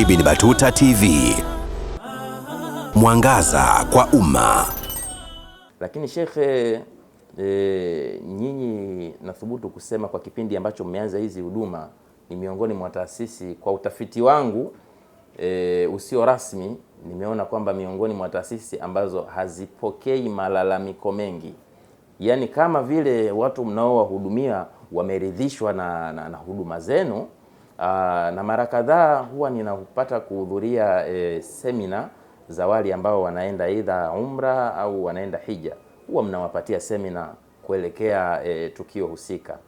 Ibn Batuta TV, mwangaza kwa umma. Lakini shekhe, e, eh, eh, nyinyi nathubutu kusema kwa kipindi ambacho mmeanza hizi huduma ni miongoni mwa taasisi, kwa utafiti wangu e, usio rasmi, nimeona kwamba miongoni mwa taasisi ambazo hazipokei malalamiko mengi, yaani kama vile watu mnaowahudumia wameridhishwa na, na, na huduma zenu Aa, ah, na mara kadhaa huwa ninapata kuhudhuria e, eh, semina za wale ambao wanaenda aidha umra au wanaenda hija, huwa mnawapatia semina kuelekea e, tukio husika.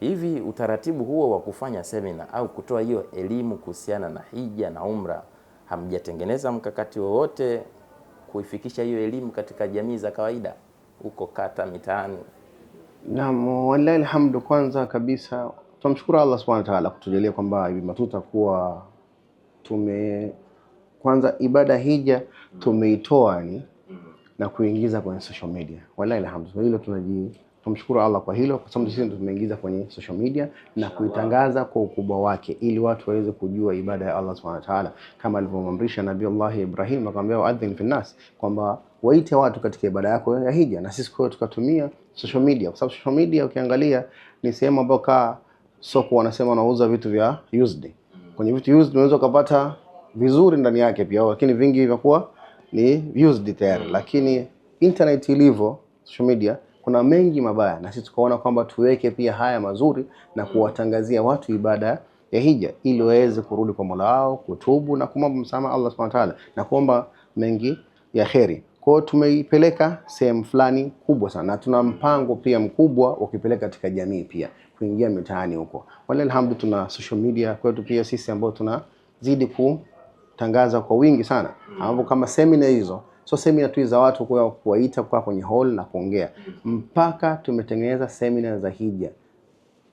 Hivi utaratibu huo wa kufanya semina au kutoa hiyo elimu kuhusiana na hija na umra, hamjatengeneza mkakati wowote kuifikisha hiyo elimu katika jamii za kawaida huko kata, mitaani? Naam, wallahi alhamdu, kwanza kabisa Tunamshukuru Allah Subhanahu wa Ta'ala kutujalia kwamba Matuta kuwa tume kwanza ibada hija tumeitoa ni na kuingiza kwenye social media. Wallahi alhamdulillah, hilo tunaji tumshukuru Allah kwa hilo, kwa sababu sisi tumeingiza kwenye social media na kuitangaza kwa ukubwa wake, ili watu waweze kujua ibada ya Allah Subhanahu wa Ta'ala, kama alivyomwamrisha Nabii Allah Ibrahim akamwambia waadhin fi nas, kwamba waite watu katika ibada yako ya hija. Na sisi kwa tukatumia social media, kwa sababu social media ukiangalia ni sehemu ambayo kaa soko wanasema wanauza vitu vya used. Kwenye vitu used unaweza ukapata vizuri ndani yake pia, lakini vingi vinakuwa ni used tayari. Mm. Lakini internet ilivyo, social media kuna mengi mabaya, na sisi tukaona kwamba tuweke pia haya mazuri na mm. kuwatangazia watu ibada ya hija ili waweze kurudi kwa Mola wao, kutubu na kumwomba msamaha Allah Subhanahu wa Ta'ala na kuomba mengi ya kheri. Kwa hiyo tumeipeleka sehemu fulani kubwa sana, na tuna mpango pia mkubwa wa kuipeleka katika jamii pia kuingia mitaani huko. Wala alhamdu tuna social media kwetu pia sisi ambao tunazidi kutangaza kwa wingi sana, mm. ambapo kama semina hizo so semina tu za watu kwa kuwaita kwa kwenye hall na kuongea, mm. mpaka tumetengeneza semina za hija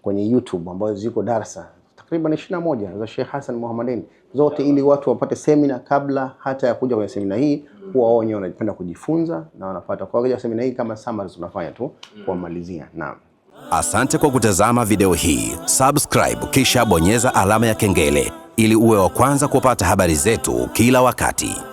kwenye YouTube ambazo ziko darasa takriban 21 za Sheikh Hassan Muhammadin zote, ili watu wapate semina kabla hata ya kuja kwenye semina hii, kuwa mm. wao wenyewe wanapenda kujifunza na wanapata kwa kuja semina hii kama summary tunafanya tu kuwamalizia. Naam. Asante kwa kutazama video hii. Subscribe kisha bonyeza alama ya kengele ili uwe wa kwanza kupata habari zetu kila wakati.